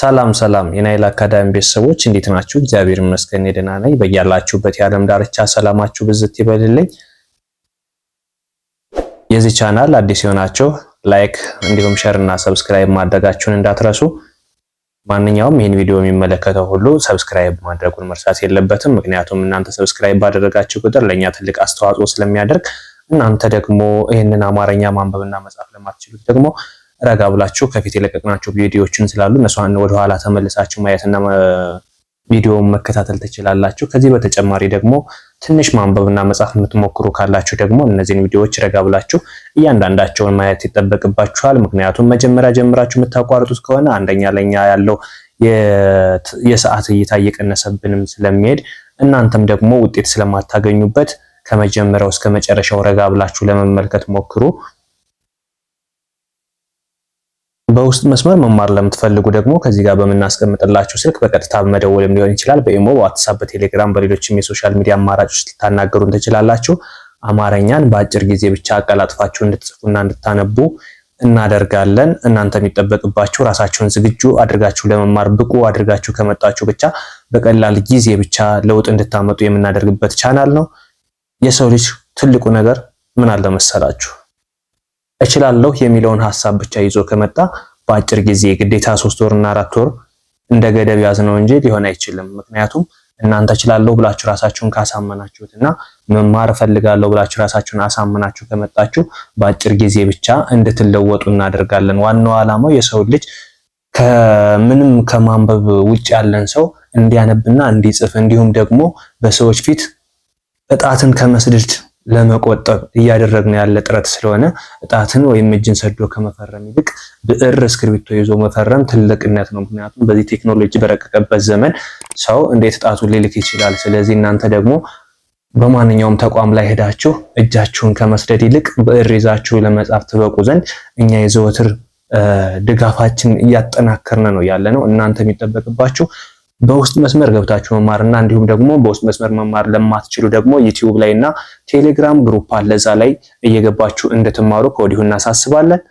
ሰላም ሰላም የናይል አካዳሚ ቤተሰቦች እንዴት ናችሁ? እግዚአብሔር ይመስገን ደህና ነኝ። በያላችሁበት የዓለም ዳርቻ ሰላማችሁ ብዝት ይበልልኝ። የዚህ ቻናል አዲስ የሆናችሁ ላይክ፣ እንዲሁም ሼር እና ሰብስክራይብ ማድረጋችሁን እንዳትረሱ። ማንኛውም ይህን ቪዲዮ የሚመለከተው ሁሉ ሰብስክራይብ ማድረጉን መርሳት የለበትም። ምክንያቱም እናንተ ሰብስክራይብ ባደረጋችሁ ቁጥር ለእኛ ትልቅ አስተዋጽኦ ስለሚያደርግ እናንተ ደግሞ ይህንን አማርኛ ማንበብና መጻፍ ለማትችሉት ደግሞ ረጋ ብላችሁ ከፊት የለቀቅናቸው ቪዲዮዎችን ስላሉ እነሷን ወደኋላ ተመልሳችሁ ማየትና ቪዲዮውን መከታተል ትችላላችሁ። ከዚህ በተጨማሪ ደግሞ ትንሽ ማንበብና መጻፍ የምትሞክሩ ካላችሁ ደግሞ እነዚህን ቪዲዮዎች ረጋ ብላችሁ እያንዳንዳቸውን ማየት ይጠበቅባችኋል። ምክንያቱም መጀመሪያ ጀምራችሁ የምታቋርጡት ከሆነ አንደኛ ለኛ ያለው የሰዓት እይታ እየቀነሰብንም ስለሚሄድ እናንተም ደግሞ ውጤት ስለማታገኙበት ከመጀመሪያው እስከ መጨረሻው ረጋ ብላችሁ ለመመልከት ሞክሩ። በውስጥ መስመር መማር ለምትፈልጉ ደግሞ ከዚህ ጋር በምናስቀምጥላችሁ ስልክ በቀጥታ መደወልም ሊሆን ይችላል። በኢሞ፣ በዋትሳፕ፣ በቴሌግራም በሌሎችም የሶሻል ሚዲያ አማራጮች ልታናገሩን ትችላላችሁ። አማርኛን በአጭር ጊዜ ብቻ አቀላጥፋችሁ እንድትጽፉና እንድታነቡ እናደርጋለን። እናንተ የሚጠበቅባችሁ ራሳችሁን ዝግጁ አድርጋችሁ ለመማር ብቁ አድርጋችሁ ከመጣችሁ ብቻ በቀላል ጊዜ ብቻ ለውጥ እንድታመጡ የምናደርግበት ቻናል ነው። የሰው ልጅ ትልቁ ነገር ምን አለ መሰላችሁ? እችላለሁ የሚለውን ሀሳብ ብቻ ይዞ ከመጣ በአጭር ጊዜ ግዴታ ሶስት ወር እና አራት ወር እንደ ገደብ ያዝ ነው እንጂ ሊሆን አይችልም። ምክንያቱም እናንተ እችላለሁ ብላችሁ ራሳችሁን ካሳመናችሁት እና መማር እፈልጋለሁ ብላችሁ ራሳችሁን አሳምናችሁ ከመጣችሁ በአጭር ጊዜ ብቻ እንድትለወጡ እናደርጋለን። ዋናው ዓላማው የሰው ልጅ ከምንም ከማንበብ ውጭ ያለን ሰው እንዲያነብና እንዲጽፍ እንዲሁም ደግሞ በሰዎች ፊት እጣትን ከመስደድ ለመቆጠብ እያደረግነው ያለ ጥረት ስለሆነ እጣትን ወይም እጅን ሰዶ ከመፈረም ይልቅ ብዕር እስክሪብቶ ይዞ መፈረም ትልቅነት ነው። ምክንያቱም በዚህ ቴክኖሎጂ በረቀቀበት ዘመን ሰው እንዴት እጣቱን ሊልክ ይችላል? ስለዚህ እናንተ ደግሞ በማንኛውም ተቋም ላይ ሄዳችሁ እጃችሁን ከመስደድ ይልቅ ብዕር ይዛችሁ ለመጻፍ ትበቁ ዘንድ እኛ የዘወትር ድጋፋችን እያጠናከርን ነው ያለ ነው። እናንተ የሚጠበቅባችሁ በውስጥ መስመር ገብታችሁ መማርና እንዲሁም ደግሞ በውስጥ መስመር መማር ለማትችሉ ደግሞ ዩቲዩብ ላይ እና ቴሌግራም ግሩፕ አለ። እዛ ላይ እየገባችሁ እንድትማሩ ከወዲሁ እናሳስባለን።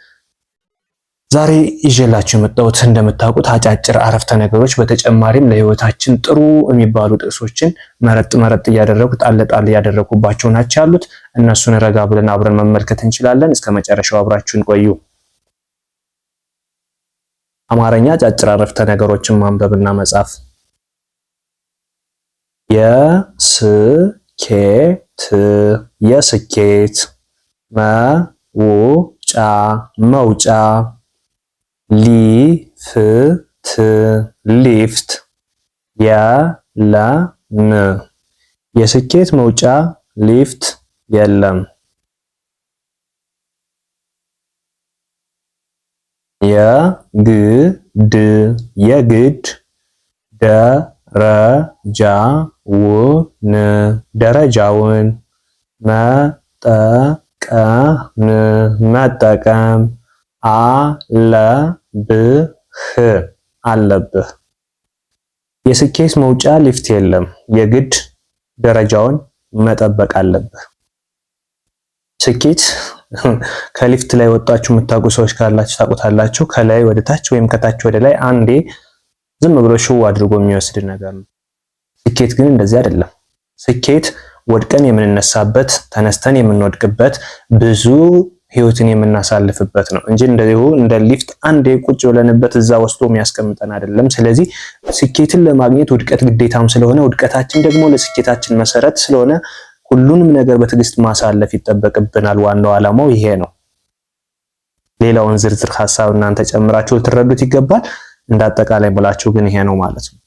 ዛሬ ይዤላችሁ የመጣሁት እንደምታውቁት አጫጭር አረፍተ ነገሮች፣ በተጨማሪም ለህይወታችን ጥሩ የሚባሉ ጥቅሶችን መረጥ መረጥ እያደረጉ ጣል ጣል እያደረጉባቸው ናቸው ያሉት። እነሱን ረጋ ብለን አብረን መመልከት እንችላለን። እስከ መጨረሻው አብራችሁን ቆዩ። አማርኛ አጫጭር አረፍተ ነገሮችን ማንበብና መጻፍ የስኬት የስኬት መውጫ መውጫ ሊፍት ሊፍት የለም የስኬት መውጫ ሊፍት የለም። የግድ የግድ ደረጃ ውን ደረጃውን መጠቀም መጠቀም አለብህ አለብህ። የስኬት መውጫ ሊፍት የለም። የግድ ደረጃውን መጠበቅ አለብህ። ስኬት ከሊፍት ላይ ወጣችሁ የምታውቁ ሰዎች ካላችሁ ታውቁታላችሁ። ከላይ ወደ ታች ወይም ከታች ወደ ላይ አንዴ ዝም ብሎ ሽው አድርጎ የሚወስድ ነገር ነው። ስኬት ግን እንደዚህ አይደለም። ስኬት ወድቀን የምንነሳበት ተነስተን የምንወድቅበት ብዙ ህይወትን የምናሳልፍበት ነው እንጂ እንደዚሁ እንደ ሊፍት አንዴ ቁጭ ብለንበት እዛ ወስዶ የሚያስቀምጠን አይደለም። ስለዚህ ስኬትን ለማግኘት ውድቀት ግዴታም ስለሆነ ውድቀታችን ደግሞ ለስኬታችን መሰረት ስለሆነ ሁሉንም ነገር በትዕግስት ማሳለፍ ይጠበቅብናል። ዋናው ዓላማው ይሄ ነው። ሌላውን ዝርዝር ሀሳብ እናንተ ጨምራችሁ ልትረዱት ይገባል። እንዳጠቃላይ ብላችሁ ግን ይሄ ነው ማለት ነው።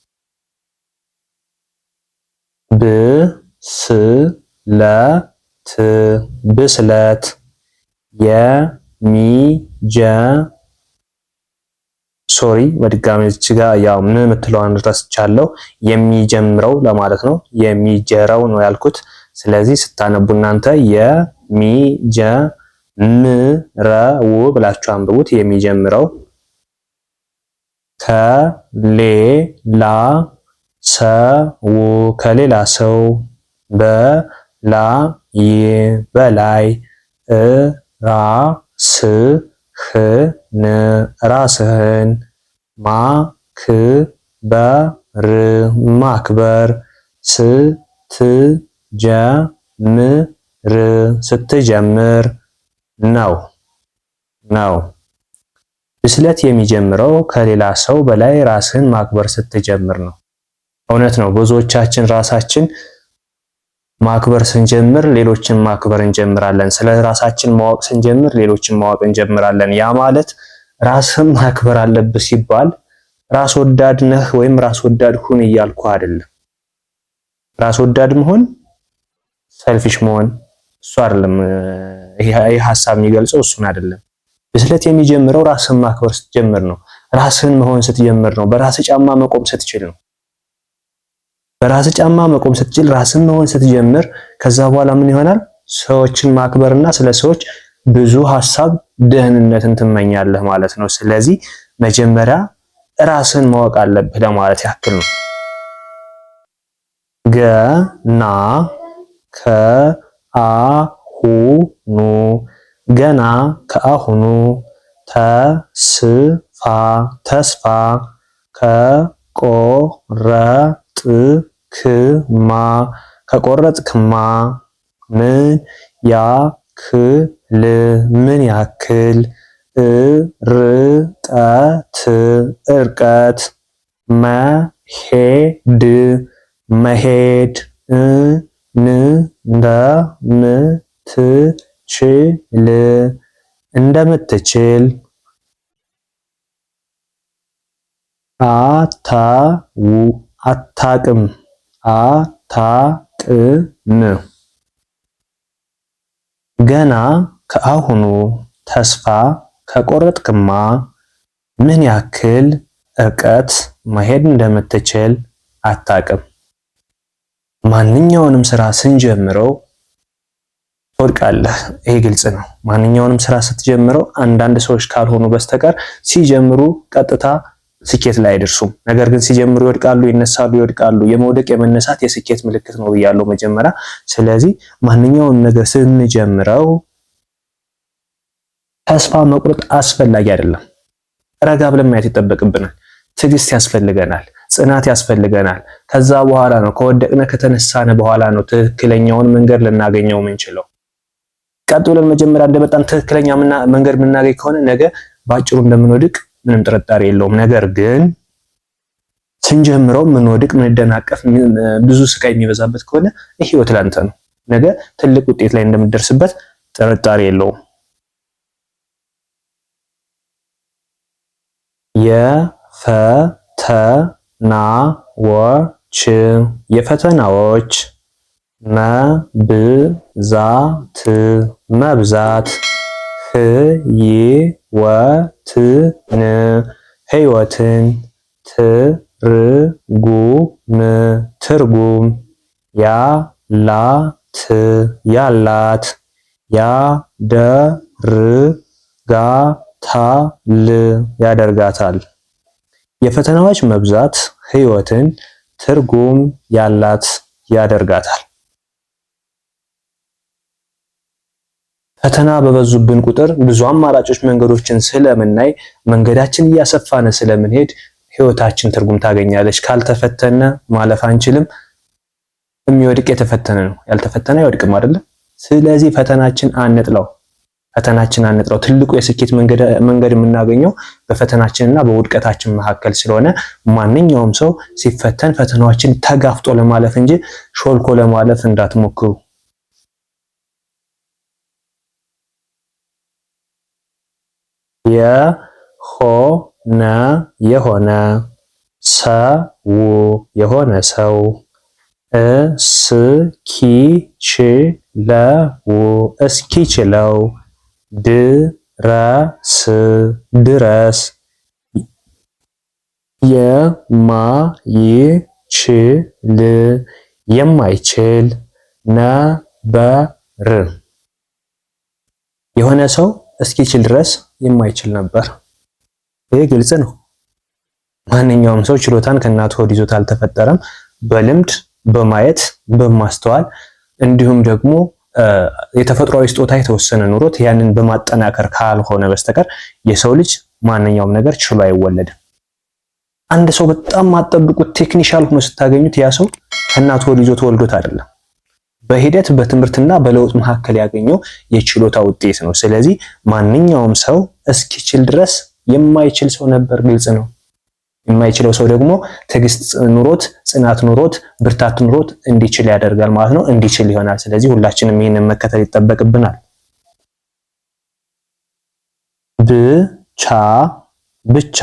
ብስለት ብስለት የሚጀ ሶሪ በድጋሚ እዚህ ጋር ያው ምን የምትለዋን ረስቻለሁ። የሚጀምረው ለማለት ነው። የሚጀረው ነው ያልኩት። ስለዚህ ስታነቡ እናንተ ምረው ብላችሁ አንብቡት። የሚጀምረው ከሌላ ሰው ከሌላ ሰው በላይ በላይ ራስህን ራስህን ማክበር ማክበር ስትጀምር ስትጀምር ነው ነው። ብስለት የሚጀምረው ከሌላ ሰው በላይ ራስህን ማክበር ስትጀምር ነው። እውነት ነው። ብዙዎቻችን ራሳችን ማክበር ስንጀምር ሌሎችን ማክበር እንጀምራለን። ስለ ራሳችን ማወቅ ስንጀምር ሌሎችን ማወቅ እንጀምራለን። ያ ማለት ራስን ማክበር አለብህ ሲባል ራስ ወዳድ ነህ ወይም ራስ ወዳድ ሁን እያልኩ አይደለም። ራስ ወዳድ መሆን ሰልፊሽ መሆን እሱ አይደለም። ይህ ሀሳብ የሚገልጸው እሱን አይደለም። ብስለት የሚጀምረው ራስህን ማክበር ስትጀምር ነው። ራስህን መሆን ስትጀምር ነው። በራስህ ጫማ መቆም ስትችል ነው። በራስ ጫማ መቆም ስትችል ራስን መሆን ስትጀምር ከዛ በኋላ ምን ይሆናል? ሰዎችን ማክበርና ስለ ሰዎች ብዙ ሀሳብ ደህንነትን ትመኛለህ ማለት ነው። ስለዚህ መጀመሪያ ራስን ማወቅ አለብህ ለማለት ያክል ነው። ገና ከአሁኑ ገና ከአሁኑ ተስፋ ተስፋ ከቆረ ጥክማ ከቆረጥክማ ምን ያክል ምን ያክል እርጠት እርቀት መሄድ መሄድ እንደምትችል እንደምትችል አታው አታቅም አታቅም ገና ከአሁኑ ተስፋ ከቆረጥክማ ምን ያክል እርቀት መሄድ እንደምትችል አታቅም። ማንኛውንም ስራ ስንጀምረው ትወድቃለህ። ይሄ ግልጽ ነው። ማንኛውንም ስራ ስትጀምረው አንዳንድ ሰዎች ካልሆኑ በስተቀር ሲጀምሩ ቀጥታ ስኬት ላይ አይደርሱም። ነገር ግን ሲጀምሩ ይወድቃሉ፣ ይነሳሉ፣ ይወድቃሉ። የመውደቅ የመነሳት የስኬት ምልክት ነው ብያለሁ መጀመሪያ። ስለዚህ ማንኛውም ነገር ስንጀምረው ተስፋ መቁረጥ አስፈላጊ አይደለም። ረጋ ብለን ማየት ይጠበቅብናል። ትዕግስት ያስፈልገናል። ጽናት ያስፈልገናል። ከዛ በኋላ ነው ከወደቅነ ከተነሳነ በኋላ ነው ትክክለኛውን መንገድ ልናገኘው የምንችለው። ቀጥ ብለን መጀመሪያ እንደመጣን ትክክለኛ መንገድ የምናገኝ ከሆነ ነገ ባጭሩ እንደምንወድቅ ምንም ጥርጣሬ የለውም። ነገር ግን ስንጀምረው ምንወድቅ፣ ምንደናቀፍ፣ ብዙ ስቃይ የሚበዛበት ከሆነ ይህ ህይወት ላንተ ነው። ነገ ትልቅ ውጤት ላይ እንደምደርስበት ጥርጣሬ የለውም። የፈተናዎች የፈተናዎች መብዛት መብዛት ህይ ወትን ህይወትን ትርጉም ትርጉም ያላት ያላት ያደርጋታል ያደርጋታል የፈተናዎች መብዛት ህይወትን ትርጉም ያላት ያደርጋታል። ፈተና በበዙብን ቁጥር ብዙ አማራጮች መንገዶችን ስለምናይ መንገዳችን እያሰፋን ስለምንሄድ ህይወታችን ትርጉም ታገኛለች። ካልተፈተነ ማለፍ አንችልም። የሚወድቅ የተፈተነ ነው፣ ያልተፈተነ አይወድቅም አይደለም። ስለዚህ ፈተናችን አንጥለው፣ ፈተናችን አንጥለው። ትልቁ የስኬት መንገድ የምናገኘው በፈተናችንና በውድቀታችን መካከል ስለሆነ ማንኛውም ሰው ሲፈተን ፈተናዎችን ተጋፍጦ ለማለፍ እንጂ ሾልኮ ለማለፍ እንዳትሞክሩ። የሆነ የሆነ ሰው የሆነ ሰው እስኪችለው እስኪችለው ድረስ ድረስ የማይችል የማይችል ነበር የሆነ ሰው እስኪችል ድረስ የማይችል ነበር። ይህ ግልጽ ነው። ማንኛውም ሰው ችሎታን ከእናቱ ሆድ ይዞት አልተፈጠረም። በልምድ በማየት በማስተዋል እንዲሁም ደግሞ የተፈጥሯዊ ስጦታ የተወሰነ ኑሮት ያንን በማጠናከር ካልሆነ በስተቀር የሰው ልጅ ማንኛውም ነገር ችሎ አይወለድም። አንድ ሰው በጣም ማጠብቁት ቴክኒሻል ሆኖ ስታገኙት ያ ሰው ከእናቱ ሆድ ይዞ ተወልዶት አይደለም። በሂደት በትምህርትና በለውጥ መካከል ያገኘው የችሎታ ውጤት ነው። ስለዚህ ማንኛውም ሰው እስኪችል ድረስ የማይችል ሰው ነበር፣ ግልጽ ነው። የማይችለው ሰው ደግሞ ትዕግስት ኑሮት፣ ጽናት ኑሮት፣ ብርታት ኑሮት እንዲችል ያደርጋል ማለት ነው። እንዲችል ይሆናል። ስለዚህ ሁላችንም ይህንን መከተል ይጠበቅብናል። ብቻ ብቻ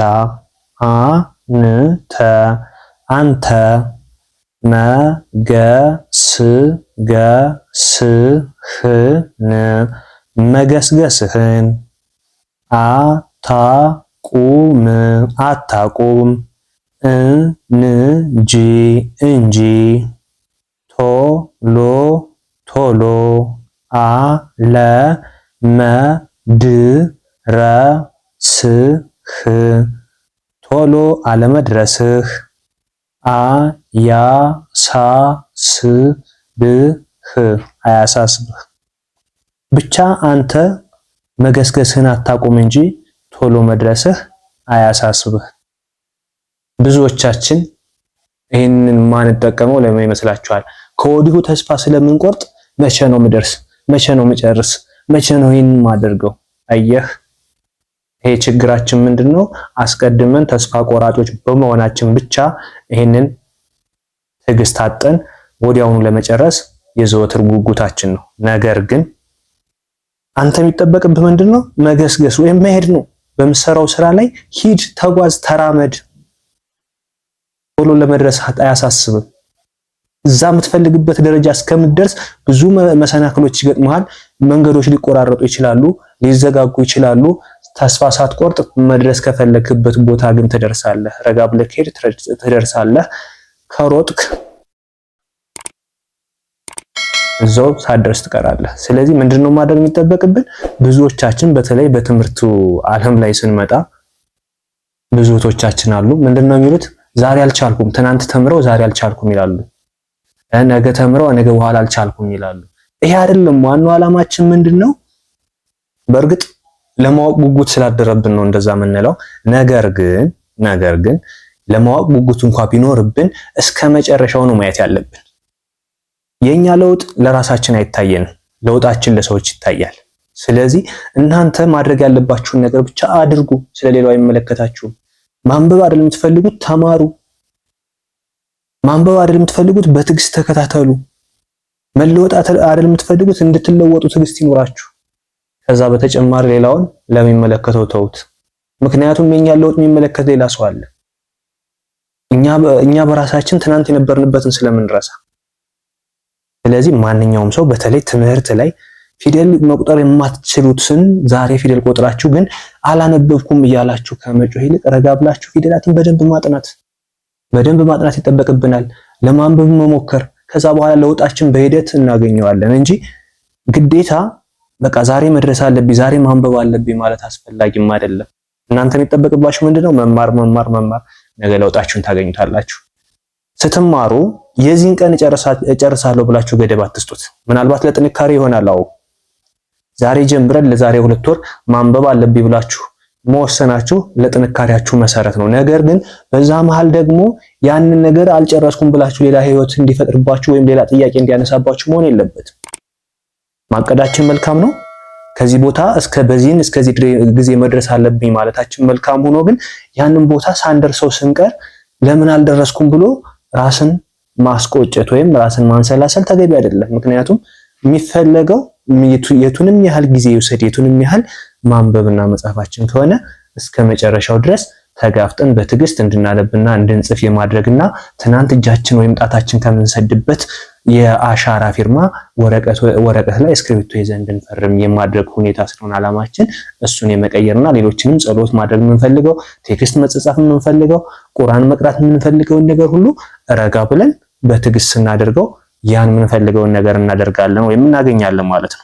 አንተ አንተ መገስገስህን መገስገስህን አታቁም አታቁም እንጂ እንጂ ቶሎ ቶሎ አለመድረስህ ቶሎ አለመድረስህ ያ አያሳስብህ። ብቻ አንተ መገስገስህን አታቁም እንጂ ቶሎ መድረስህ አያሳስብህ። ብዙዎቻችን ይህንን ማንጠቀመው ለምን ይመስላችኋል? ከወዲሁ ተስፋ ስለምንቆርጥ መቼ ነው ምደርስ? መቼ ነው ምጨርስ? መቼ ነው ይህን ማደርገው? አየህ፣ ይሄ ችግራችን ምንድነው? አስቀድመን ተስፋ ቆራጮች በመሆናችን ብቻ ይህንን ትዕግስት አጠን ወዲያውኑ ለመጨረስ የዘወትር ጉጉታችን ነው። ነገር ግን አንተ የሚጠበቅብህ ምንድን ነው? መገስገስ ወይም መሄድ ነው። በምሰራው ስራ ላይ ሂድ፣ ተጓዝ፣ ተራመድ። ቶሎ ለመድረስ አያሳስብም። እዛ የምትፈልግበት ደረጃ እስከምትደርስ ብዙ መሰናክሎች ይገጥመሃል። መንገዶች ሊቆራረጡ ይችላሉ፣ ሊዘጋጉ ይችላሉ። ተስፋ ሳትቆርጥ መድረስ ከፈለክበት ቦታ ግን ትደርሳለህ። ረጋ ብለህ ሄድ፣ ትደርሳለህ። ከሮጥክ እዛው ሳደርስ ትቀራለህ። ስለዚህ ምንድነው ማድረግ የሚጠበቅብን? ብዙዎቻችን በተለይ በትምህርቱ ዓለም ላይ ስንመጣ ብዙዎቻችን አሉ ምንድነው የሚሉት? ዛሬ አልቻልኩም፣ ትናንት ተምረው ዛሬ አልቻልኩም ይላሉ። ነገ ተምረው ነገ በኋላ አልቻልኩም ይላሉ። ይሄ አይደለም ዋናው ዓላማችን ምንድነው? በእርግጥ ለማወቅ ጉጉት ስላደረብን ነው እንደዛ የምንለው። ነገር ግን ነገር ግን ለማወቅ ጉጉት እንኳ ቢኖርብን እስከ መጨረሻው ነው ማየት ያለብን። የኛ ለውጥ ለራሳችን አይታየንም፣ ለውጣችን ለሰዎች ይታያል። ስለዚህ እናንተ ማድረግ ያለባችሁን ነገር ብቻ አድርጉ። ስለሌላው አይመለከታችሁም። ማንበብ አይደል የምትፈልጉት? ተማሩ። ማንበብ አይደል የምትፈልጉት? በትዕግስት ተከታተሉ። መለወጥ አይደል የምትፈልጉት? እንድትለወጡ ትዕግስት ይኖራችሁ። ከዛ በተጨማሪ ሌላውን ለሚመለከተው ተውት። ምክንያቱም የኛ ለውጥ የሚመለከት ሌላ ሰው አለ። እኛ በራሳችን ትናንት የነበርንበትን ስለምንረሳ። ስለዚህ ማንኛውም ሰው በተለይ ትምህርት ላይ ፊደል መቁጠር የማትችሉትን ዛሬ ፊደል ቆጥራችሁ ግን አላነበብኩም እያላችሁ ከመጮህ ይልቅ ረጋ ብላችሁ ፊደላትን በደንብ ማጥናት በደንብ ማጥናት ይጠበቅብናል። ለማንበብ መሞከር፣ ከዛ በኋላ ለውጣችን በሂደት እናገኘዋለን እንጂ ግዴታ በቃ ዛሬ መድረስ አለብኝ ዛሬ ማንበብ አለብኝ ማለት አስፈላጊም አይደለም። እናንተ የሚጠበቅባችሁ ምንድነው? መማር መማር መማር ነገ ለውጣችሁን ታገኙታላችሁ። ስትማሩ የዚህን ቀን እጨርሳለሁ ብላችሁ ገደብ አትስጡት። ምናልባት ለጥንካሬ ይሆናል። አዎ ዛሬ ጀምረን ለዛሬ ሁለት ወር ማንበብ አለብኝ ብላችሁ መወሰናችሁ ለጥንካሬያችሁ መሰረት ነው። ነገር ግን በዛ መሃል ደግሞ ያንን ነገር አልጨረስኩም ብላችሁ ሌላ ህይወት እንዲፈጥርባችሁ ወይም ሌላ ጥያቄ እንዲያነሳባችሁ መሆን የለበትም። ማቀዳችን መልካም ነው። ከዚህ ቦታ እስከ በዚህን እስከዚህ ጊዜ መድረስ አለብኝ ማለታችን መልካም ሆኖ ግን ያንን ቦታ ሳንደርሰው ስንቀር ለምን አልደረስኩም ብሎ ራስን ማስቆጨት ወይም ራስን ማንሰላሰል ተገቢ አይደለም። ምክንያቱም የሚፈለገው የቱንም ያህል ጊዜ ይውሰድ የቱንም ያህል ማንበብና መጻፋችን ከሆነ እስከ መጨረሻው ድረስ ተጋፍጠን በትዕግስት እንድናነብና እንድንጽፍ የማድረግና ትናንት እጃችን ወይም ጣታችን ከምንሰድበት የአሻራ ፊርማ ወረቀት ላይ እስክሪብቶ ይዘን እንድንፈርም የማድረግ ሁኔታ ስለሆነ አላማችን እሱን የመቀየርና ሌሎችንም ጸሎት ማድረግ የምንፈልገው ቴክስት መጻጻፍ የምንፈልገው ቁራን መቅራት የምንፈልገውን ነገር ሁሉ ረጋ ብለን በትዕግስት ስናደርገው ያን የምንፈልገውን ነገር እናደርጋለን ወይም እናገኛለን ማለት ነው።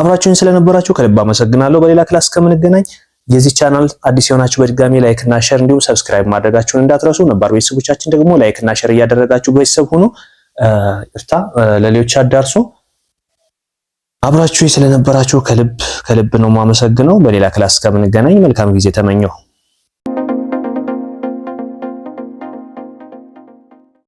አብራችሁን ስለነበራችሁ ከልብ አመሰግናለሁ። በሌላ ክላስ ከምንገናኝ የዚህ ቻናል አዲስ የሆናችሁ በድጋሚ ላይክ እና ሼር እንዲሁም ሰብስክራይብ ማድረጋችሁን እንዳትረሱ። ነባር ቤተሰቦቻችን ደግሞ ላይክ እና ሼር እያደረጋችሁ ቤተሰብ ሁኑ። ይርታ ለሌሎች አዳርሱ። አብራችሁ ስለነበራችሁ ከልብ ከልብ ነው የማመሰግነው። በሌላ ክላስ ከምንገናኝ መልካም ጊዜ ተመኘው።